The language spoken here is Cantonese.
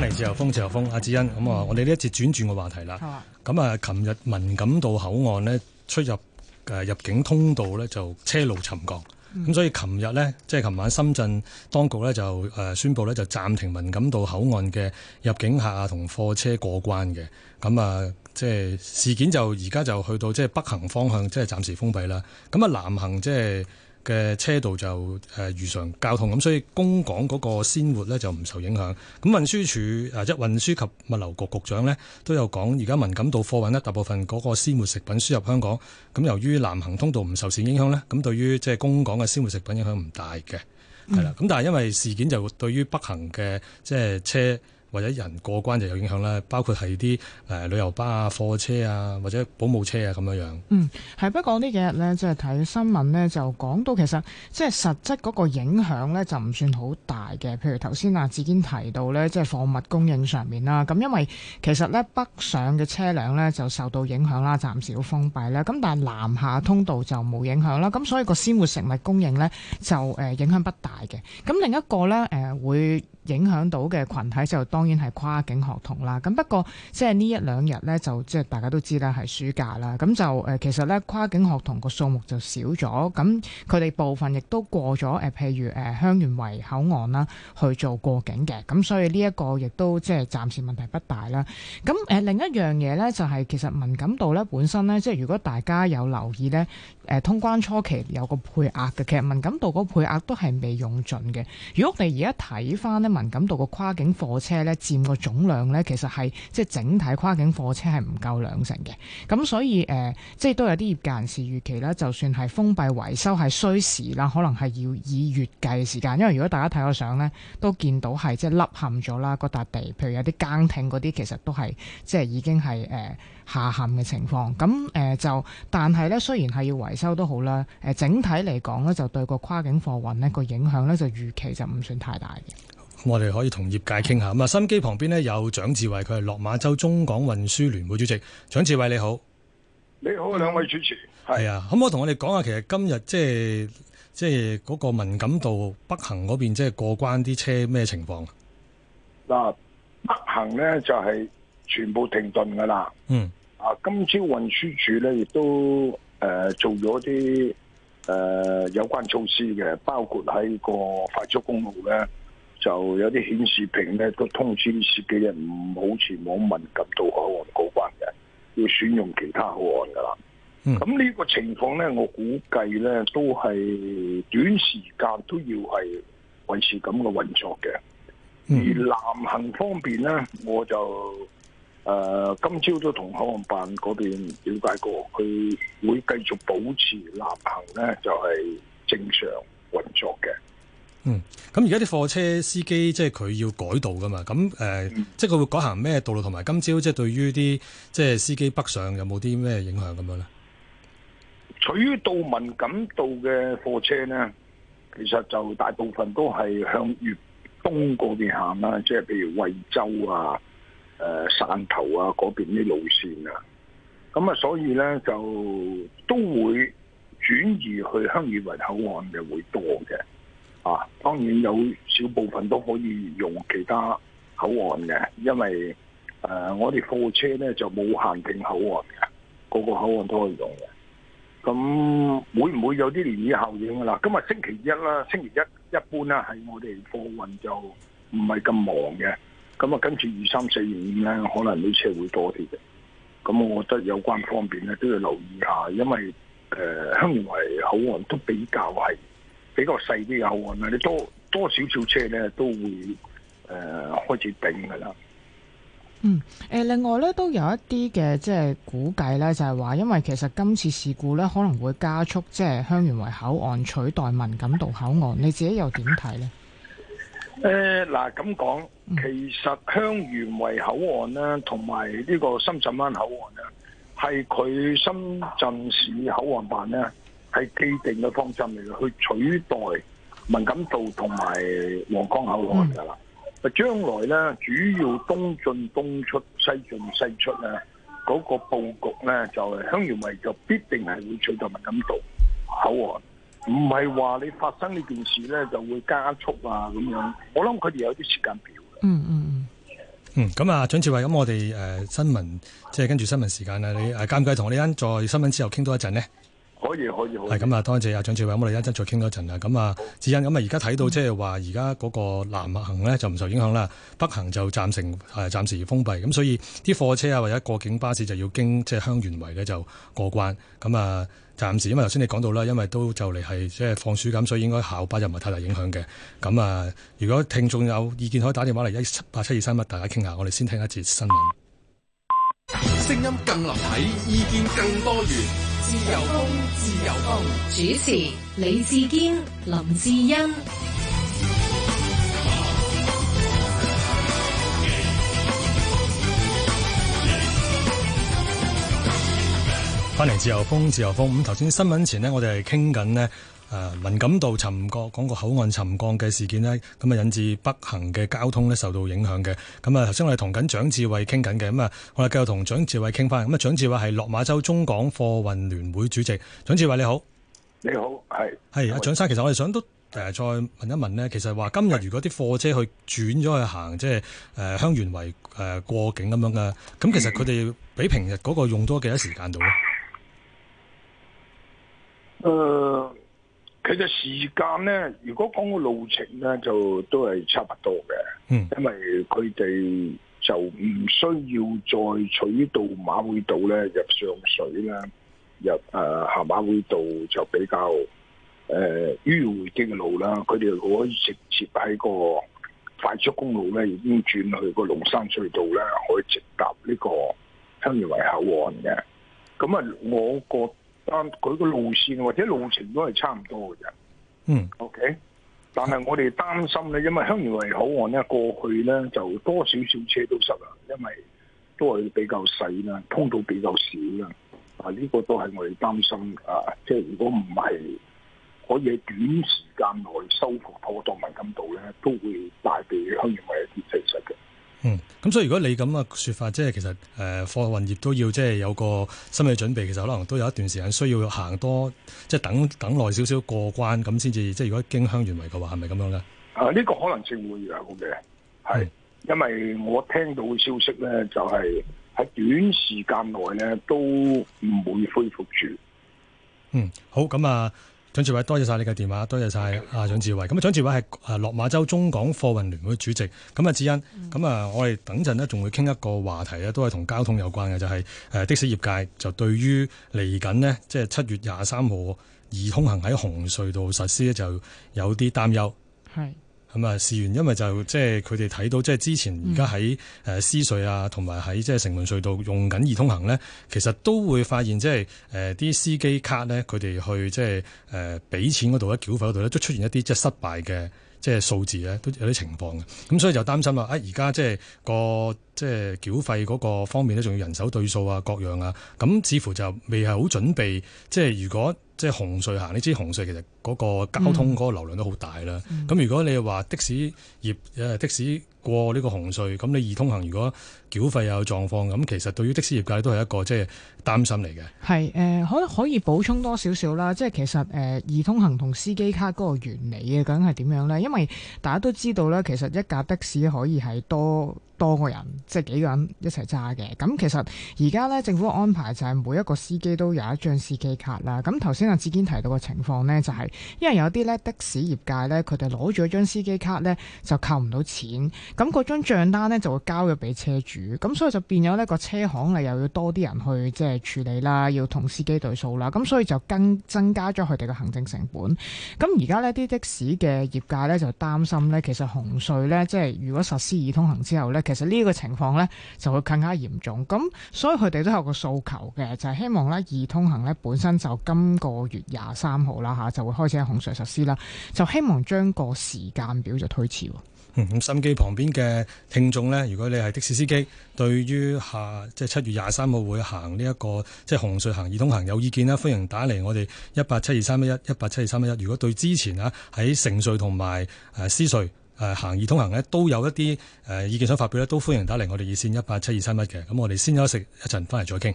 歡迎自由風，自由風，阿智欣。咁啊，我哋呢一節轉轉個話題啦。咁啊，琴日文錦渡口岸呢，出入誒入境通道呢就車路沉降。咁、嗯、所以琴日呢，即係琴晚深圳當局呢就誒宣布呢，就暫停文錦渡口岸嘅入境客同貨車過關嘅。咁啊，即係事件就而家就去到即係北行方向，即係暫時封閉啦。咁啊，南行即係。嘅車道就誒如常交通咁，所以公港嗰個鮮活咧就唔受影響。咁運輸署啊，即運輸及物流局局長呢都有講，而家敏感度貨運呢，大部分嗰個鮮活食品輸入香港。咁由於南行通道唔受線影響呢，咁對於即公港嘅鮮活食品影響唔大嘅，係、嗯、啦。咁但係因為事件就對於北行嘅即車。或者人過關就有影響啦，包括係啲誒旅遊巴啊、貨車啊，或者保姆車啊咁樣樣。嗯，係不過呢幾日呢，即係睇新聞呢，就講到其實即係、就是、實質嗰個影響呢，就唔算好大嘅。譬如頭先阿志堅提到呢，即、就、係、是、貨物供應上面啦。咁因為其實呢北上嘅車輛呢，就受到影響啦，暫時要封閉啦。咁但係南下通道就冇影響啦。咁所以個鮮活食物供應呢，就誒影響不大嘅。咁另一個呢，誒、呃、會。影響到嘅群體就當然係跨境學童啦。咁不過即係呢一兩日呢，就即係大家都知啦係暑假啦。咁就誒、呃、其實呢，跨境學童個數目就少咗，咁佢哋部分亦都過咗誒、呃，譬如誒、呃、香園圍口岸啦去做過境嘅。咁所以呢一個亦都即係暫時問題不大啦。咁誒、呃、另一樣嘢呢，就係、是、其實文錦渡呢，本身呢，即係如果大家有留意呢，誒、呃、通關初期有個配額嘅，其實文錦渡嗰個配額都係未用盡嘅。如果我哋而家睇翻呢。感到個跨境貨車咧，佔個總量咧，其實係即係整體跨境貨車係唔夠兩成嘅。咁所以誒、呃，即係都有啲業界人士預期咧，就算係封閉維修係需時啦，可能係要以，以月計嘅時間。因為如果大家睇個相咧，都見到係即係凹陷咗啦，嗰笪地，譬如有啲崗亭嗰啲，其實都係即係已經係誒、呃、下陷嘅情況。咁誒、呃、就，但係咧，雖然係要維修都好啦，誒、呃、整體嚟講咧，就對個跨境貨運呢個影響咧，就預期就唔算太大嘅。我哋可以同業界傾下。咁啊，心機旁邊咧有蔣志偉，佢係落馬洲中港運輸聯會主席。蔣志偉你好，你好，兩位主持係啊，可唔可以同我哋講下，其實今日即係即係嗰個文錦渡北、就是是，北行嗰邊，即係過關啲車咩情況嗱？北行咧就係、是、全部停頓噶啦。嗯啊，今朝運輸署咧亦都誒、呃、做咗啲誒有關措施嘅，包括喺個快速公路咧，就有啲顯示屏咧，都通知司機人唔好前往文錦渡口岸過關嘅，要選用其他口岸㗎喇。咁、嗯、呢個情況咧，我估計咧都係短時間都要係維持咁嘅運作嘅、嗯。而南行方面咧，我就誒、呃、今朝都同口岸辦嗰邊瞭解過，佢會繼續保持南行咧就係、是、正常運作嘅。嗯，咁而家啲貨車司機即係佢要改道噶嘛？咁誒、呃嗯，即係佢會改行咩道路？同埋今朝即係對於啲即係司機北上有冇啲咩影響咁樣咧？取道文錦渡嘅貨車咧，其實就大部分都係向粵東嗰邊行啦，即係譬如惠州啊、誒、呃、汕頭啊嗰邊啲路線啊。咁啊，所以咧就都會轉移去香園圍口岸嘅會多嘅。當然有少部分都可以用其他口岸嘅，因為誒我哋貨車咧就冇限定口岸嘅，個個口岸都可以用嘅。咁會唔會有啲漣漪效應噶啦？今日星期一啦，星期一一般啦係我哋貨運就唔係咁忙嘅。咁啊跟住二三四五咧，可能啲車會多啲嘅。咁我覺得有關方面咧都要留意一下因、呃，因為誒，因為口岸都比較係。比較細啲嘅口岸啦，你多多少少車咧都會誒、呃、開始頂噶啦。嗯，誒、呃、另外咧都有一啲嘅，即係估計呢，就係、是、話因為其實今次事故咧可能會加速即係香園圍口岸取代文錦渡口岸，你自己又點睇呢？誒、呃、嗱，咁、呃、講其實香園圍口岸呢，同埋呢個深圳灣口岸咧，係佢深圳市口岸辦呢。係既定嘅方針嚟去取代文錦渡同埋黃江口岸噶啦。將、嗯、來咧，主要東進東出、西進西出咧，嗰、那個布局咧就係、是、香園圍就必定係會取代文錦渡口岸，唔係話你發生呢件事咧就會加速啊咁樣。我諗佢哋有啲時間表。嗯嗯嗯。嗯，咁、嗯嗯、啊，蔣志偉，咁我哋誒、呃、新聞，即係跟住新聞時間啊，你誒，介唔介意同我哋在新聞之後傾多一陣呢？可以，可以，好。係咁啊，多謝阿蔣志偉，我哋一陣再傾多一陣啦。咁啊，志恩，咁啊，而家睇到即係話，而家嗰個南行咧就唔受影響啦，北行就暫停誒，暫時封閉。咁所以啲貨車啊，或者過境巴士就要經即係香園圍咧就過關。咁啊，暫時因為頭先你講到啦，因為都就嚟係即係放暑咁，所以應該校巴就唔係太大影響嘅。咁啊，如果聽眾有意見，可以打電話嚟一八七二三一，大家傾下。我哋先聽一節新聞。聲音更立體，意見更多元。自由風，自由風。主持李志堅、林志欣。翻嚟自由風，自由風。咁頭先新聞前呢，我哋係傾緊呢。誒、啊、敏感度沉降，講個口岸沉降嘅事件呢，咁啊引致北行嘅交通咧受到影響嘅。咁啊頭先我哋同緊蔣志偉傾緊嘅，咁啊我哋繼續同蔣志偉傾翻。咁啊蔣志偉係落馬洲中港貨運聯會主席。蔣志偉你好，你好，係係啊，蔣生，其實我哋想都誒再問一問呢。其實話今日如果啲貨車去轉咗去行，即係誒香園圍誒、呃、過境咁樣嘅，咁其實佢哋比平日嗰個用多幾多時間到咧？誒、嗯。呃其實時間咧，如果講個路程咧，就都係差不多嘅、嗯，因為佢哋就唔需要再取道馬會道咧入上水啦，入誒、呃、下馬會道就比較誒、呃、迂迴啲嘅路啦。佢哋可以直接喺個快速公路咧，已經轉去個龍山隧道咧，可以直達呢個香園圍口岸嘅。咁啊，我覺得。但佢個路線或者路程都係差唔多嘅啫。嗯，OK。但係我哋擔心咧，因為香園圍口岸咧過去咧就多少少車都塞啊，因為都係比較細啦，通道比較少啦。啊，呢個都係我哋擔心啊。即係如果唔係可以喺短時間內修復拖到埋金到咧，都會帶俾香園圍一啲損失嘅。嗯，咁所以如果你咁嘅説法，即係其實誒貨運業都要即係有個心理準備，其實可能都有一段時間需要行多即係等等耐少少過關咁先至，即係如果經香園圍嘅話，係咪咁樣咧？啊，呢個可能性會有嘅，係因為我聽到嘅消息咧，就係喺短時間內咧都唔會恢復住。嗯，好，咁啊。蔣志偉，多謝晒你嘅電話，多謝晒阿蔣志偉。咁啊，蔣志偉係誒落馬洲中港貨運聯會主席。咁啊，智恩，咁、嗯、啊，我哋等陣呢仲會傾一個話題咧，都係同交通有關嘅，就係、是、誒的士業界對於就對於嚟緊呢即係七月廿三號易通行喺紅隧道實施咧，就有啲擔憂。係。咁啊，事源因為就即係佢哋睇到，即係之前而家喺誒私隧啊，同埋喺即係城門隧道用緊易通行咧、嗯，其實都會發現即係誒啲司機卡咧，佢哋去即係誒俾錢嗰度咧、繳費嗰度咧，都出現一啲即係失敗嘅即係數字咧，都有啲情況嘅。咁所以就擔心啦，啊而家即係個即係繳費嗰個方面咧，仲要人手對數啊、各樣啊，咁似乎就未係好準備。即係如果即係紅隧行，呢支紅隧其實。嗰個交通嗰個流量都好大啦。咁、嗯嗯、如果你話的士業的士過呢個紅隧，咁你易通行如果繳費又有狀況咁，其實對於的士業界都係一個即係、就是、擔心嚟嘅。係誒，可、呃、可以補充多少少啦？即係其實誒易、呃、通行同司機卡嗰個原理究竟係點樣咧？因為大家都知道咧，其實一架的士可以係多多個人，即係幾個人一齊揸嘅。咁其實而家咧政府嘅安排就係每一個司機都有一張司機卡啦。咁頭先阿志堅提到嘅情況咧，就係、是。因為有啲咧的士業界咧，佢哋攞咗張司機卡咧就扣唔到錢，咁嗰張賬單咧就會交咗俾車主，咁所以就變咗呢個車行啊又要多啲人去即係處理啦，要同司機對數啦，咁所以就更增加咗佢哋嘅行政成本。咁而家呢啲的士嘅業界咧就擔心咧，其實紅隧咧即係如果實施二通行之後咧，其實呢個情況咧就會更加嚴重。咁所以佢哋都有個訴求嘅，就係、是、希望咧二通行咧本身就今個月廿三號啦嚇就會。開始喺紅隧實施啦，就希望將個時間表就推遲。咁、嗯、心機旁邊嘅聽眾呢，如果你係的士司機，對於下即係七月廿三號會行呢、這、一個即係、就是、紅隧行易通行有意見啦，歡迎打嚟我哋一八七二三一一一八七二三一一。如果對之前啊喺城隧同埋誒獅隧誒行易通行呢，都有一啲誒意見想發表呢，都歡迎打嚟我哋熱線一八七二三一嘅。咁我哋先休息一陣，翻嚟再傾。